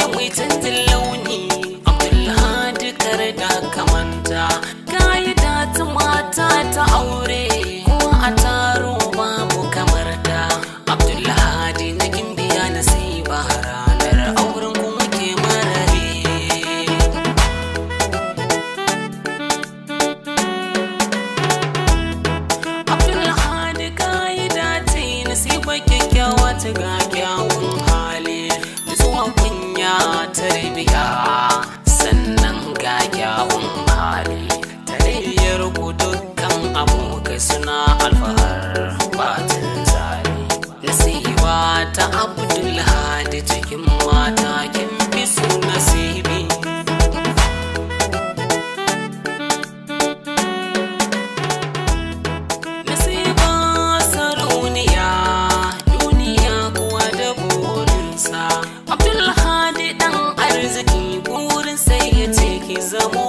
ke kwaitin launi abdulhadi kar da kamanta yi da mata ta aure zamo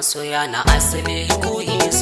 masoya na asali ko isa